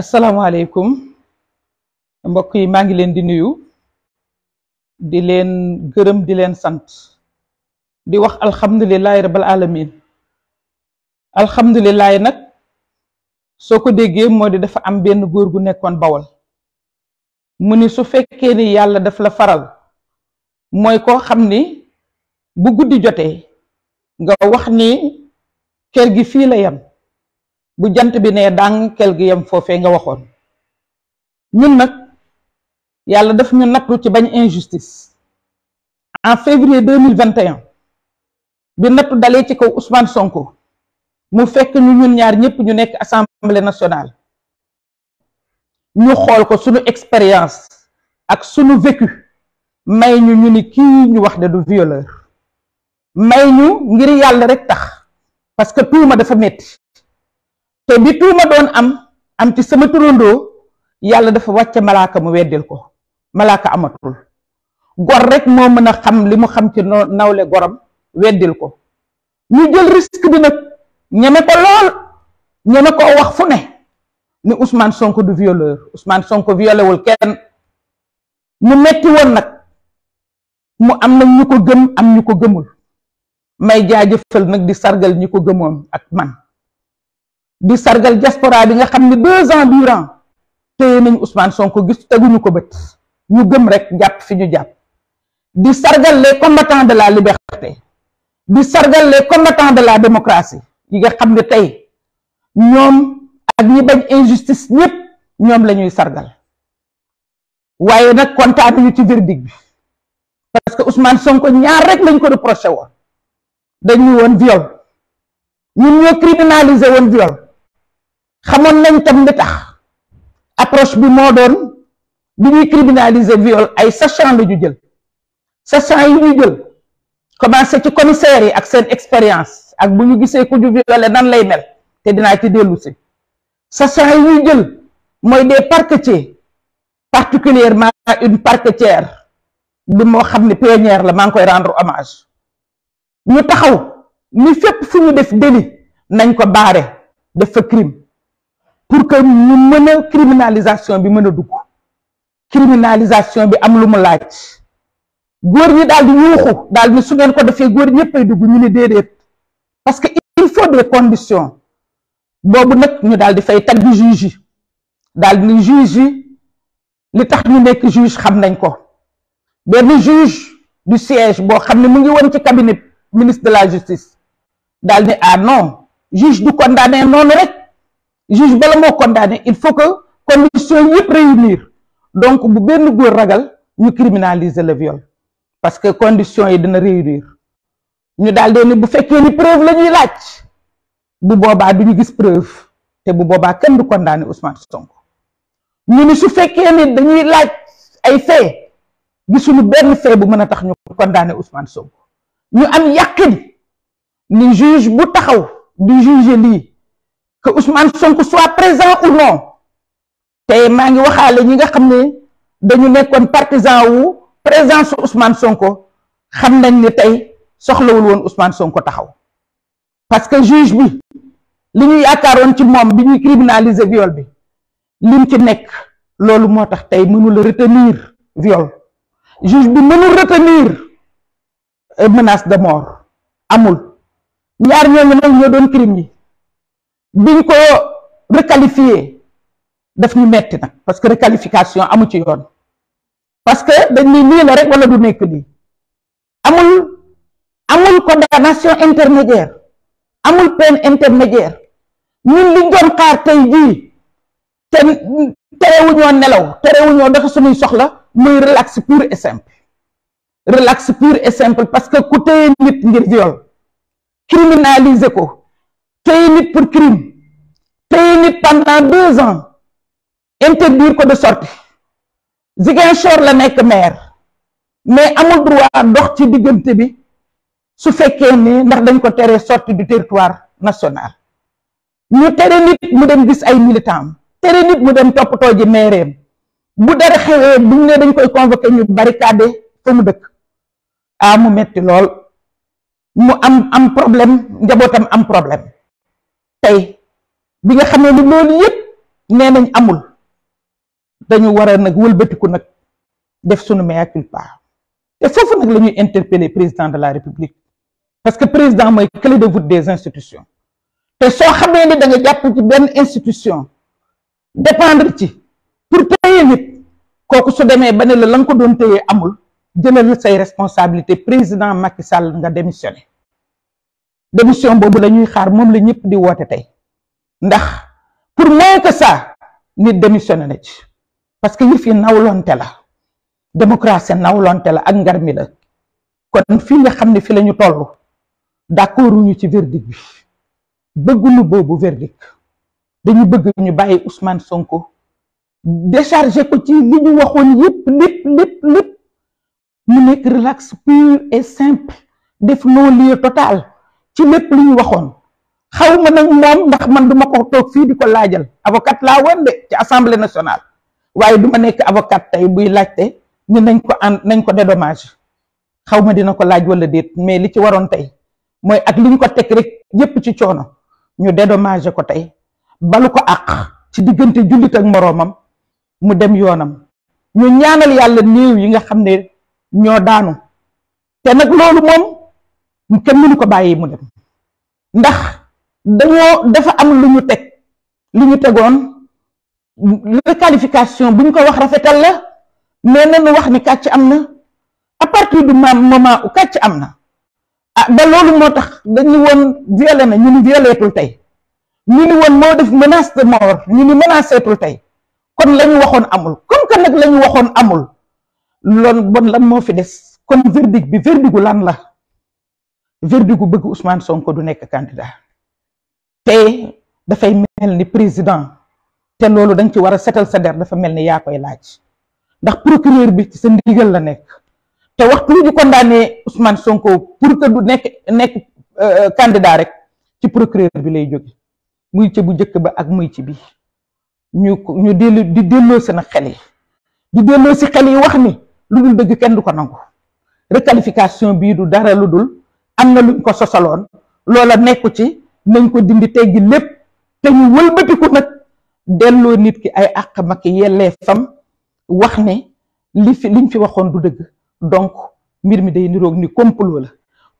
asalaamaaleykum mbokk yi maa ngi leen di nuyu di leen gërëm di leen sant di wax alhamdulilahi rabbil alamin alhamdulilahi nag soo ko déggee moo di dafa am benn góor gu nekkoon bawal mu ni su fekkee ni yàlla daf la faral mooy koo xam ni bu guddi jotee nga wax ni kër gi fii la yem bu jant bi ne dang kel gi yem foofee nga waxoon ñun nag yàlla daf ñu nattu ci bañ injustice en février deux mille vingt et un bi nattu dalee ci kaw Ousmane Sonko mu fekk ñu ñun ñaar ñëpp ñu nekk assemblée nationale ñu xool ko suñu expérience ak suñu vécu may ñu ñu ni kii ñu wax de du violeur may ñu ngir yàlla rek tax parce que tuuma dafa metti te bi tuuma doon am am ci sama turandoo yàlla dafa wàcce malaaka mu weddil ko malaaka amatul gor rek moo mën a xam li mu xam ci nawle goram weddil ko ñu jël risque bi nag ñeme ko lool ñeme ko wax fu ne ni Ousmane Sonko du violeur Ousmane Sonko violé wul kenn mu metti woon nag mu am nag ñu ko gëm am ñu ko gëmul may jaajëfal nag di sargal ñi ko gëmoon ak man di sargal diaspora bi nga xam ne deux ans durant nañu nañ Sonko gis ñu ko bët ñu gëm rek jàpp fi ñu jàpp di sargal les combattants de la liberté di sargal les combattants de la démocratie yi nga xam ne tey ñoom ak ñi bañ injustice ñëpp ñoom la ñuy sargal waaye nag kontaanuñu ci verdict bi parce que Ousmane Sonko ñaar rek lañ ko reproché woon dañu woon viol ñun ñoo criminalisé woon viol xamoon nañ tam li tax approche bi moo doon bi ñuy criminaliser viol ay sachant la ñu jël sachant yi ñu jël commencé ci commissaires yi ak seen expérience ak bu ñu gisee ku ñu violé nan lay mel te dinaa ci dellu si sachant yi ñuy jël mooy des parquetiers particulièrement une parquetière bi moo xam ne pionnière la maa ngi koy rendre hommage ñu taxaw ni fépp fu ñu def délit nañ ko baare def fa crime pour que mu mën a criminalisation bi mën a dugg criminalisation bi am lu mu laaj góor ñi daal di yuuxu daal di su ngeen ko defee góor ñëppay dugg ñu ne déedéet parce que il faut des conditions boobu nag ñu daal di fay tagg juge yi daal di juge yi li tax ñu nekk juge xam nañ ko benn juge du siège boo xam ne mu ngi woon ci cabinet ministre de la justice daal di ah non juge du condamné noonu rek. juge bala moo condamné il faut que conditions yëpp réunir donc bu benn góor ragal ñu criminaliser le viol parce que conditions yi dina réunir ñu daal di bu fekkee ni preuve la ñuy laaj bu boobaa du ñu gis preuve te bu boobaa kenn du condamné Ousmane Sonko ñu ni su fekkee ni dañuy laaj ay fait gisuñu benn fait bu mën a tax ñu condamné Ousmane Sonko ñu am yàqin ni juge bu taxaw di juger lii. que Ousmane Sonko soit présent ou non te maa ngi waxaale ñi nga xam ne dañu nekkoon partisan wu présence Ousmane Sonko xam nañ ne tey soxlawul woon Ousmane Sonko taxaw parce que juge bi li ñu yaakaaroon ci moom bi ñuy criminaliser viol bi lim ci nekk loolu moo tax tey mënul retenir viol juge bi mënul retenir euh, menace de mort amul ñaar ñooñu nag ñoo doon crime yi biñ ko requalifié daf ñu metti nag parce que requalification amu ci yoon parce que dañ ni lii la rek wala du nekk lii amul amul condamnation intermédiaire amul peine intermédiaire ñun liñ doon xaar tey jii te terewuñoo nelaw terewuñoo dafa suñuy soxla muy relax pur et simple relax pur et simple parce que ku téye nit ngir viol criminaliser ko téye nit pour crime téye nit pendant deux ans interdire ko de sortie Ziguinchor la nekk maire mais amul droit dox ci diggante bi su fekkee ni ndax dañ ko tere sortie du territoire national ñu tere nit mu dem gis ay militant tere nit mu dem toppatoo ji maireem bu dara xewee buñ ne dañ koy convoqué ñu barricade fa mu dëkk ah mu metti lool mu am am problème njabootam am problème tey bi nga xamee ne ni loolu yëpp nee nañ amul dañu war a nag wëlbatiku nag def sunu mea culpa te foofu nag la ñuy interpeller président de la république parce que président mooy clé de voûte des institutions te soo xamee ni danga nga jàpp ci benn institution dépendre ci pour téye nit kooku su demee ba ne la la ko doon téye amul jëlal say responsabilité président Macky Sall nga démissionné démission boobu la ñuy xaar moom la ñëpp di woote tey ndax pour moins que nit démissionné na ci parce que yëf yi nawlonte la démocratie nawlonte la ak ngar mi la kon fii nga xam ne fi lañu ñu toll d'accord wuñu ci verdict bi bëgguñu boobu verdict dañu bëgg ñu bàyyi Ousmane Sonko déchargé ko ci li ñu waxoon yépp lépp lépp lépp nekk relax pur et simple def non lieu total ci lépp lu ñu waxoon xaw ma nag moom ndax man du ma ko toog fii di ko laajal avocat laa woon ci assemblée nationale waaye du ma nekk avocat tey buy laajte ni nañ ko an nañ ko dédommage xaw ma dina ko laaj wala déet mais li ci waroon tey mooy ak li ko teg rek yépp ci coono ñu dédommagé ko tey balu ko àq ci diggante jullit ak moroomam mu dem yoonam ñu ñaanal yàlla néew yi nga xam ne ñoo daanu te nag loolu moom kenn mu mënu ko bàyyi mu dem ndax dañoo dafa am lu ñu teg lu ñu tegoon requalification bu ñu ko wax rafetal la mais nañu wax ni kàcc am na à partir du moment où kàcc am na ah ba loolu moo tax dañu woon violé na ñu ni violeetul tey ñu ni woon moo def menace de mort ñu ni menaceetul tey kon la waxoon amul comme que nag la waxoon amul loolu bon lan moo fi des kon verdict bi verdict lan la verdict gu bëgg Ousmane Sonko du nekk candidat te dafay mel ni président te loolu danga ci war a setal sa der dafa mel ni yaa koy laaj ndax procureur bi ci sa ndigal la nekk te waxtu wi ñu condamné Ousmane Sonko pour que du nekk nekk euh, candidat rek ci procureur bi lay jóge muy ci bu njëkk ba ak muy ci bi ñu ñu dellu di delloo seen xel yi di delloo si xel yi wax ni lu dul dëgg kenn du ko nangu requalification bii du dara lu dul. am na luñ ko sosaloon loola nekku ci nañ ko dindi teggi lépp te ñu ko nag delloo nit ki ay àq maki yellee fam wax ni li fi liñ fi waxoon du dëgg donc mbir mi day niroog ni complot la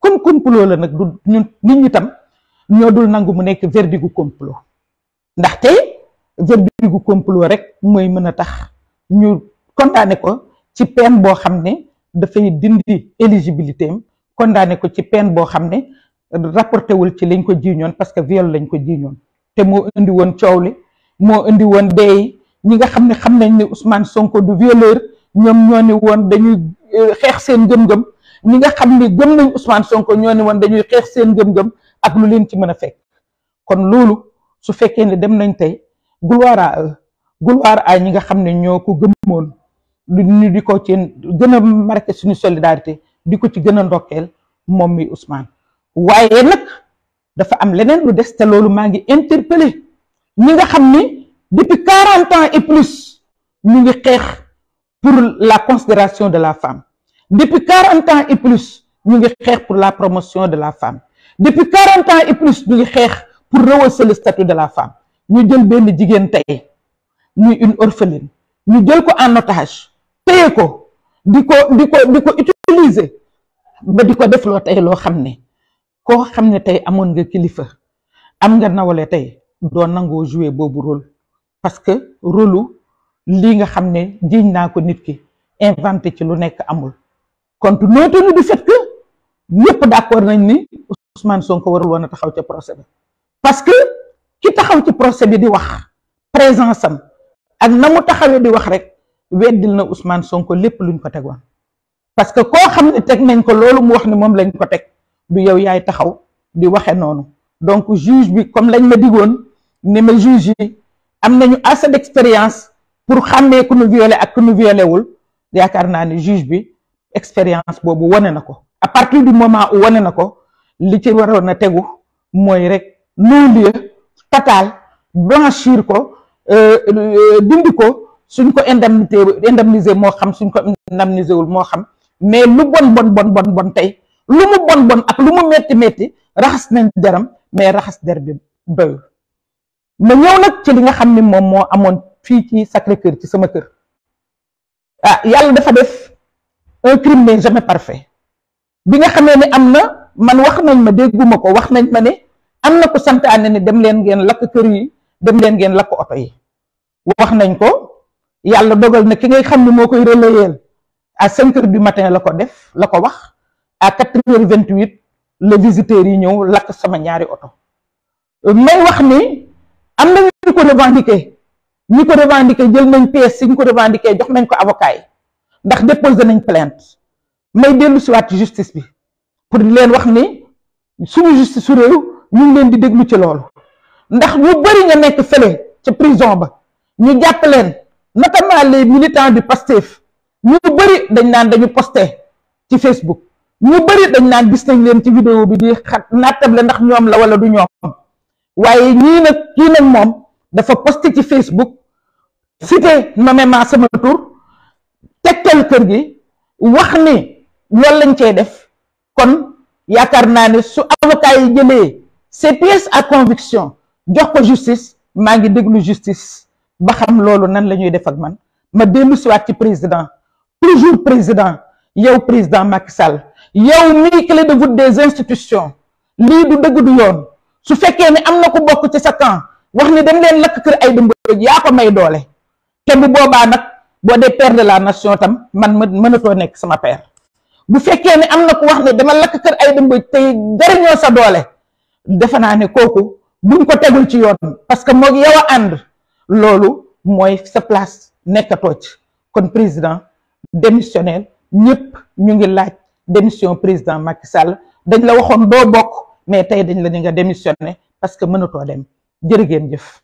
comme complot la nag du ñun nit ñi tam ñoo dul nangu mu nekk verdigu complot ndaxte verdigu complot rek mooy mën a tax ñu kon condamné ko ci peine boo xam ne dafay dindi éligibilité am kon daane ko ci peine boo xam ne rapporté wul ci lañ ko jiiñoon parce que viol lañ ko jiiñoon te moo indi woon coow li moo indi woon dee ñi nga xam ne xam nañ ne Ousmane Sonko du violeur ñoom ñoo ni woon dañuy euh, xeex seen gëm-gëm ñi nga xam ne gëm nañ Ousmane Sonko ñoo ni woon dañuy xeex seen gëm-gëm ak lu leen ci mën a fekk kon loolu su fekkee ne dem nañ tey gloire à eux gloire ñi nga xam ne ñoo ko gëmoon lu ñu di ko ci gën a suñu solidarité di ko ci gën a ndokkeel moom mi Ousmane waaye nag dafa am leneen lu des te loolu maa ngi interpellé ñi nga xam ni depuis quarante ans et plus ñu ngi xeex pour la considération de la femme depuis quarante ans et plus ñu ngi xeex pour la promotion de la femme depuis quarante ans et plus ñu ngi xeex pour rehausser le statut de la femme ñu jël benn jigéen tey muy une orpheline ñu jël ko en otage téye ko di ko di ko di utiliser ba di ko defloo tey loo xam ne koo xam ne tey amoon nga kilifa am nga nawle tey doo nangoo jouer boobu rôle parce que rôlu lii nga xam ne jiiñ naa ko nit ki inventé ci lu nekk amul compte nootenu du fait que ñëpp d'accord nañ ni Ousmane ko warul woon a taxaw ca procès bi parce que ki taxaw ci procès bi di wax présence sam ak na mu taxawee di wax rek weddil na Ousmane Sonko lépp luñ ko teg tegoon parce que koo xam ne teg nañ ko loolu mu wax ni moom lañ ko teg du yow yaay taxaw di waxe noonu donc juge bi comme lañ ma digoon ne ma juge yi am ñu assez d'expérience pour xàmmee ku nu violé ak ku nu violé wul yaakaar naa ne juge bi expérience boobu wane na ko à partir du moment où wane na ko li ci waroon a tegu mooy rek non-lieu total blanchir ko euh, euh, dindi ko suñ ko indemnité indemniser moo xam suñ ko indemniser wul moo xam mais lu bon bon bon bon bon tey lu mu bon bon ak lu mu metti metti raxas nañ deram mais raxas der bi doyul ma ñëw nag ci li nga xam ni moom moo amoon fii ci sacré kër ci sama kër ah yàlla dafa def un crime jamais parfait bi nga xamee ne am na man wax nañ ma dégguma ko wax nañ ma ne am na ko santaane ne dem leen ngeen lakk kër yi dem leen ngeen lakk oto yi wax nañ ko yàlla dogal na ki ngay xam ne moo koy relayeel a cinq heures du matin la ko def la ko wax a quatre heures vingt huit le visiteur yi ñëw lakk sama ñaari oto may wax ni am na ñu ko revendiqué ñi ko revendiqué jël nañ pièce si ñu ko revendiqué jox nañ ko avocat yi ndax déposé nañ plainte may dellu si waat justice bi pour leen wax ni suñu justice su réew ñu ngi leen di déglu ci loolu ndax ñu bari nga nekk fële ca prison ba ñu jàpp leen notamment les militants du Pastef ñu bëri dañ naan dañu posté ci Facebook ñu bëri dañ naan gis nañ leen ci vidéo bi di xat naatable ndax ñoom la wala du ñoom waaye ñii nag kii nag moom dafa posté ci Facebook cité nommément sama tur tegtal kër gi wax ni loolu lañ cee def kon yaakaar naa ne su avocat yi jëlee ces pièces à conviction jox ko justice maa ngi déglu justice ba xam loolu nan la ñuy def ak man ma denn siwaat ci président toujours président yow président Macky Sall yow mii clé de voûte des institutions lii du dëgg du yoon su fekkee ne am na ku bokk ci sa camp wax ni dem leen lakk kër ay dëmbëj yaa ko may doole te bu boobaa nag boo dee per de la nation tam man ma mënatoo nekk sama père bu fekkee ne am na ku wax ne dama lakk kër ay dëmbëj tey jariñoo sa doole defe naa ne kooku buñ ko tegul ci yoon parce que moog yow ànd loolu mooy sa place nekkatoo ci kon président démissionnaire ñëpp ñu ngi laaj démission président Macky Sall dañ la waxoon doo bokk mais tey dañ la ni nga démissionné parce que mënatoo dem jërë ngeen jëf.